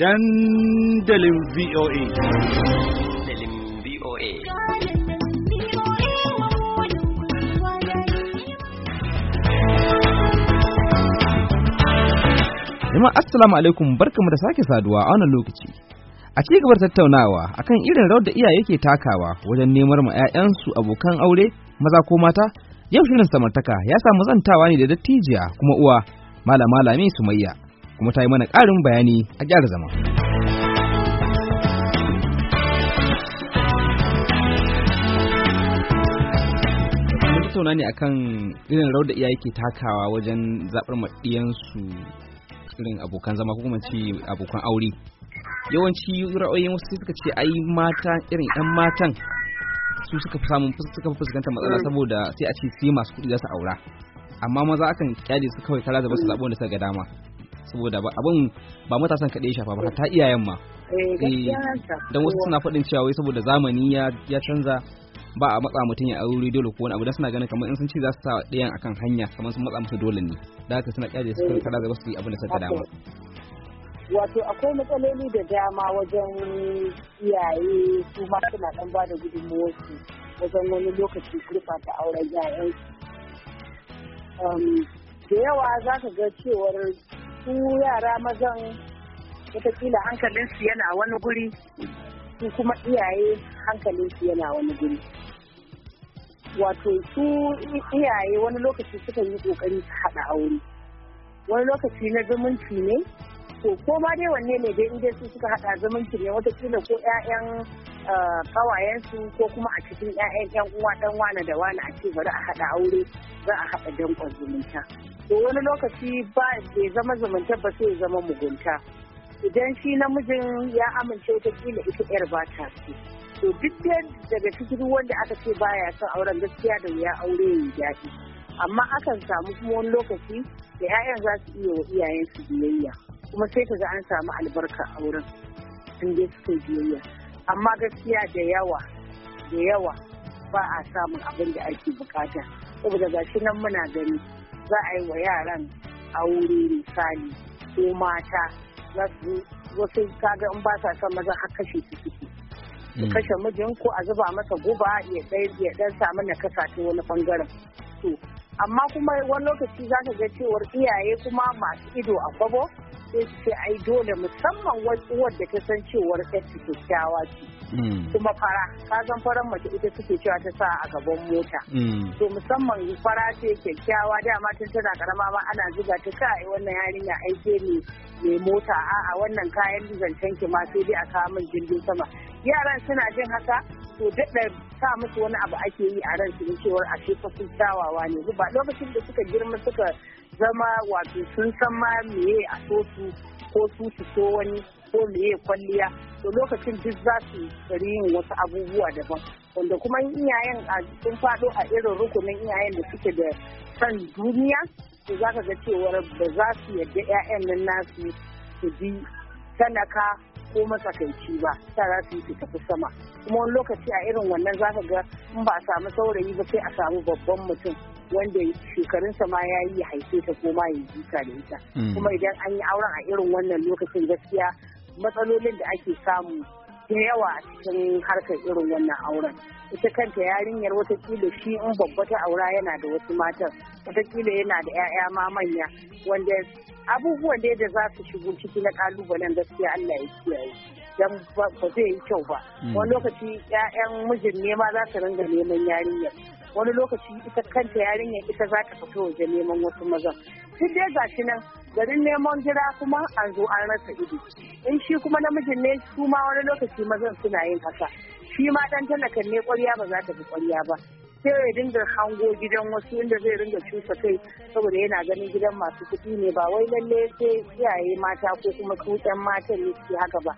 dandalin VOA. Dandalin VOA. Jama'a assalamu alaikum barkamu da sake saduwa a wannan lokaci. A ci gabar tattaunawa akan irin rawar da iyaye ke takawa wajen neman ma 'ya'yansu abokan aure maza ko mata yau shirin samartaka ya samu zantawa ne da dattijiya kuma uwa malama lami sumayya kuma ta yi mana ƙarin bayani a gyara zama. Mun tattauna ne akan irin rawar da iyaye ke takawa wajen zaɓar maɗiyansu irin abokan zama ko kuma ce abokan aure. Yawanci ra'ayoyin wasu suka ce ai mata irin 'yan matan su suka fi samun suka fi fuskantar matsala mm. saboda sai a ce sai masu kuɗi za su aura amma maza akan kyale su kawai kala da basu zaɓi wanda suka ga dama saboda ba abin ba matasan kaɗai shafa ba hatta iyayen ma eh, eh, don wasu suna faɗin cewa wai saboda zamani ya canza ba a matsa mutum ya aure dole ko wani abu da suna ganin kamar in sun ce za su sa ɗayan akan hanya kamar sun matsa musu dole ne da haka suna kyale su kada zai su yi abin da suka dama wato akwai matsaloli da dama wajen iyaye su ma suna ɗan ba da gudunmawarsu wajen wani lokaci ta auren su. da yawa za ka ga cewar su yara mazan watakila hankalinsu yana wani guri su kuma iyaye hankalinsu yana wani guri wato su iyaye wani lokaci suka yi kokari su haɗa aure wani lokaci na zumunci ne to ko ma dai wanne ne dai inda su suka haɗa zumunci ne watakila ko 'ya'yan kawayensu ah, ko kuma a cikin 'ya'yan 'yan uwa dan wane da wane a ce bari a haɗa aure za a haɗa dankon zumunta to wani lokaci ba ke zama zumunta ba sai zama mugunta idan shi namijin ya amince ta kila ita yar ba ta ce to duk daga cikin wanda aka ce baya son auren gaskiya da ya aure yi daɗi amma akan samu kuma wani lokaci da 'ya'yan za su iya wa iyayensu biyayya kuma sai ka ga an samu albarka a wurin sun dai suka biyayya amma gaskiya da yawa da yawa ba a samun abin da ake bukata saboda gashi nan muna gani za a yi wa yaran aure misali ko mata wasu kaga in ba sa son maza har kashe su suke su hmm. kashe mijin ko a zuba masa guba ya dan samu nakasa ta wani bangaren to amma kuma wani lokaci za ka ga cewar iyaye kuma masu ido a kwabo sai su ce ai dole musamman uwar wadda ta san cewar ta kyakkyawa ce Mm. kuma fara ka san farar mace ita suke cewa ta sa a gaban mota mm. to musamman fara ce kyakkyawa dama tun tana karama ma ana zuga ta sa kai wannan yarinya aike ne mai mota a wannan kayan zancen ki ma sai dai a kawo min jirgin sama yaran suna jin haka to daɗa sa musu wani abu ake yi a ran su cewar a ce fa sun kyawawa ne ba lokacin da suka girma suka zama wato sun san ma meye a so su ko su ko wani ko meye kwalliya to lokacin duk za su yin wasu abubuwa daban wanda kuma iyayen a sun faɗo a irin rukunin iyayen da suke da san duniya to za ka ga cewar ba za su yadda 'ya'yan nan nasu su bi talaka ko masakaici ba ta za su yi tafi sama kuma wani lokaci a irin wannan za ka ga in ba a samu saurayi ba sai a samu babban mutum wanda shekarunsa ma ya yi haife ta ko ma ya yi da ita mm. kuma idan an yi auren a irin wannan lokacin gaskiya matsalolin da ake samu da yawa a cikin harkar irin wannan auren ita kanta yarinyar watakila shi in babba ta aura yana da wasu matan watakila yana da 'ya'ya ma manya wanda abubuwan da za su shigo ciki na kalubalen gaskiya Allah ya kiyaye dan ba zai yi kyau ba mm. wani lokaci 'ya'yan mijin ne ma za su ringa neman yarinyar wani lokaci ita kanta yarinya ita za ta fito waje neman wasu mazan duk dai ga shi nan garin neman jira kuma an zo an rasa ido in shi kuma namijin ne su ma wani lokaci mazan suna yin haka shi ma dan talakan ne kwarya ba za ta fi kwarya ba sai ya dinga hango gidan wasu inda zai ringa cusa kai saboda yana ganin gidan masu kuɗi ne ba wai lalle sai iyaye mata ko kuma kuɗan matan ne suke haka ba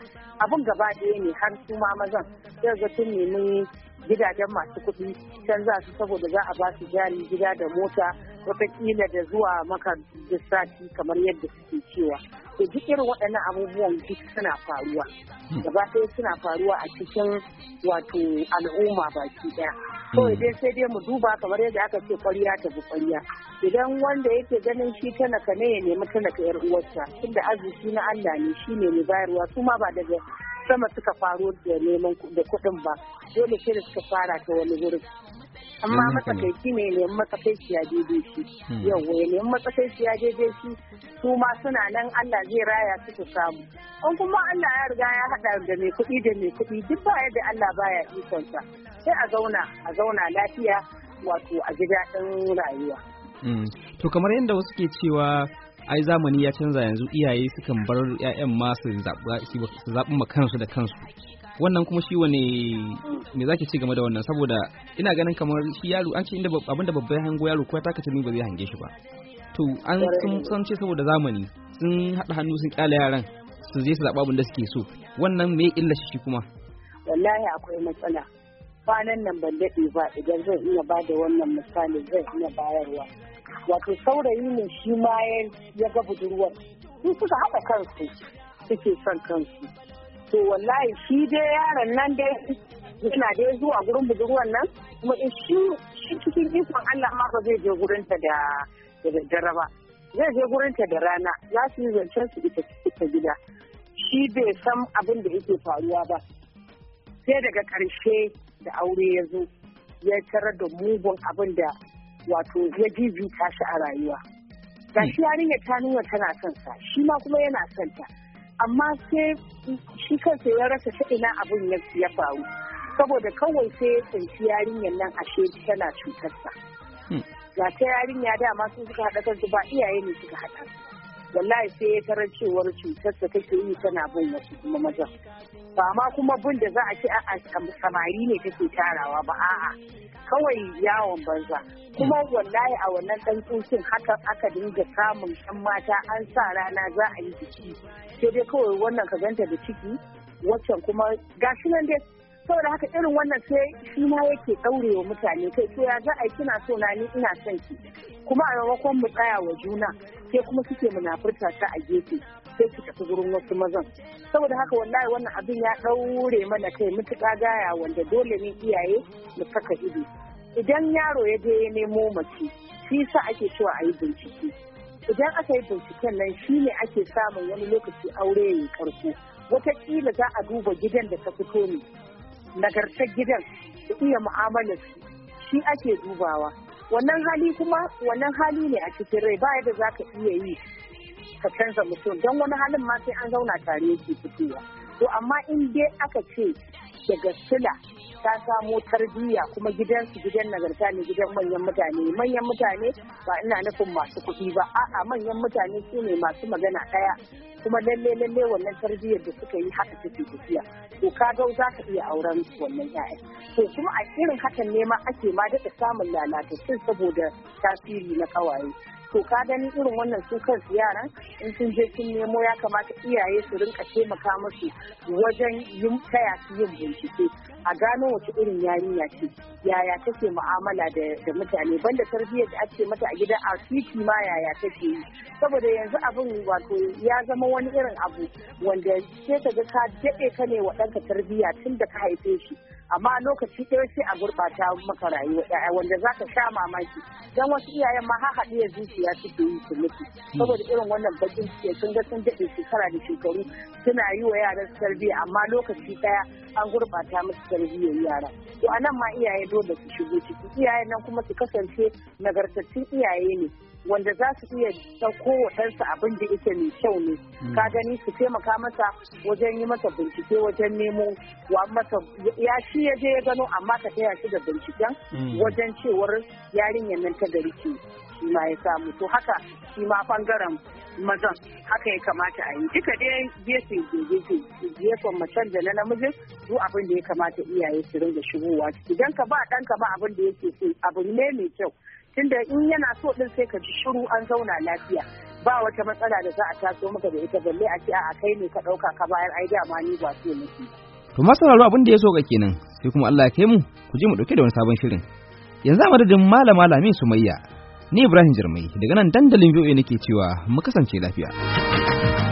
abun gaba ɗaya ne har su ma mazan yanzu ga sun nemi gidajen masu kuɗi can za su saboda za a ba su jari gida da mota wataƙila da zuwa maka da sati kamar yadda suke cewa to duk irin waɗannan abubuwan duk suna faruwa gaba ɗaya suna faruwa a cikin wato al'umma baki ɗaya kawai dai sai dai mu duba kamar yadda aka ce kwariya ta bi kwariya idan wanda yake ganin shi naka ne ya nemi talaka yar uwarsa tunda arziki na Allah ne shi ne mai bayarwa su ma ba daga sama suka faru da neman da kuɗin ba dole sai da suka fara ta wani wurin amma matsakaici ne neman matsakaici ya daidai shi hmm. yau ya neman matsakaici ya daidai shi su ma suna nan Allah zai raya su su samu an kuma Allah ya riga ya haɗa da mai kuɗi da mai kuɗi duk ba yadda Allah baya ikonsa sai a zauna a zauna lafiya wato a gida ɗan rayuwa. Hmm. To kamar yadda wasu ke cewa ai zamani ya canza yanzu iyaye sukan bar 'ya'yan ma su zaɓi ma kansu da kansu wannan kuma shi wani me zaki ci game da wannan saboda ina ganin kamar shi yaro an ce inda babba babban hango yaro ko ta kace ba zai hange shi ba to an sun ce saboda zamani sun haɗa hannu sun kyale yaran su je su zaɓa abin da suke so wannan me illa shi kuma wallahi akwai matsala kwanan nan ban daɗe ba idan zan iya ba da wannan misali zan iya bayarwa wato saurayi ne shi ma ya ga budurwar su suka haɗa kansu suke son kansu to wallahi shi dai yaron nan dai yana dai zuwa gurin budurwar nan kuma shi shi cikin ikon Allah ma ba zai je gurin ta da da daddare ba zai je gurin ta da rana za su yi zancen su ita ta gida shi bai san abin da yake faruwa ba sai daga ƙarshe da aure ya zo ya tarar da mugun abin da wato ya ta shi a rayuwa ga shi yarinya ta nuna tana son sa shi ma kuma yana son ta amma sai shi kansa ya rasa ta ina abun ya ya faru saboda kawai sai ya tsinci yarinyar nan ashe tana sa. Hmm. ga ta yarinya dama sun suka haɗa kansu ba iyaye ne suka haɗa wallahi sai ya tarar cewar cutar cutarsa take yi tana bin wasu kuma mazan ba ma kuma bin da za a ci a samari ne take tarawa ba a'a kawai yawon banza kuma wallahi a wannan dan tsokin haka aka dinga samun 'yan mata an sa rana za a yi biki sai dai kawai wannan ka ganta da ciki waccan kuma gashi nan dai saboda haka irin wannan sai shi ma yake wa mutane kai to ya za a yi kina so na ni ina son ki kuma a maimakon mu tsaya wa juna sai kuma suke munafurta ta a gefe sai su tafi gurin wasu mazan saboda haka wallahi wannan abin ya ɗaure mana kai mutuƙa gaya wanda dole ne iyaye mu saka ido idan yaro ya je ya nemo mace shi sa ake cewa a yi bincike idan aka yi binciken nan shi ne ake samun wani lokaci aure ya karko watakila za a duba gidan da ta fito ne nagartar gidan da iya mu'amalar shi ake dubawa wannan hali kuma wannan hali ne a cikin rai baya da za ka iya yi ka canza mutum don wani halin ma sai an zauna tare yake fitowa to amma in dai aka ce daga sila ta samo tarbiyya kuma gidansu gidan nagarta ne gidan manyan mutane manyan mutane ba ina nufin masu kuɗi ba a'a manyan mutane su ne masu magana ɗaya kuma lalle lalle wannan tarbiyyar da suka yi haka take tafiya to ka ga za ka iya auren wannan yaya to kuma a irin hakan ne ma ake ma daɗa samun lalatattun saboda tasiri na ƙawaye to ka gani irin wannan su yaran in sun je sun nemo ya kamata iyaye su rinka taimaka musu wajen yin taya su yin bincike a gano wace irin yarinya ce yaya take mu'amala da mutane banda tarbiyyar da ake mata a gida a titi ma yaya take yi saboda yanzu abin wato ya zama wani irin abu wanda sai ka ga ka daɗe ka ne wa ɗanka tarbiyya tun da ka haife shi amma lokaci ɗaya sai a gurɓata maka rayuwa yaya wanda za ka sha mamaki don wasu iyayen ma har su zuciya suke yi su saboda irin wannan bakin suke sun ga sun daɗe shekara da shekaru suna yi wa yaran tarbiyya amma lokaci ɗaya an gurbata musu tarbiyyar yara to a nan ma iyaye dole su shigo ciki iyaye nan kuma su kasance nagartattun iyaye ne wanda za su iya ɗauko waɗansu abin da yake mai kyau ne mm. ka gani su taimaka masa wajen yi masa bincike wajen nemo wa masa ya shi ya je ya gano amma ka taya shi da binciken mm. wajen cewar yarinyar nan ta gari ce shi ma ya samu to haka shi ma ɓangaren mazan haka ya kamata a yi duka dai gefe gefe gefen macen da na namijin su abin da ya kamata iyaye su ringa shigowa idan ka ba ɗanka ba abin da yake so abu ne mai kyau tunda in yana so din sai ka ji shiru an zauna lafiya ba wata matsala da za a taso maka da ita balle a ce a kai ne ka ɗauka ka bayar ai dama ni ba so nake to masauraro abin da ya soka kenan sai kuma Allah ya kai mu ku je mu dauke da wani sabon shirin yanzu a madadin malama Lamin Sumayya ni Ibrahim Jarmai daga nan dandalin VOA nake cewa mu kasance lafiya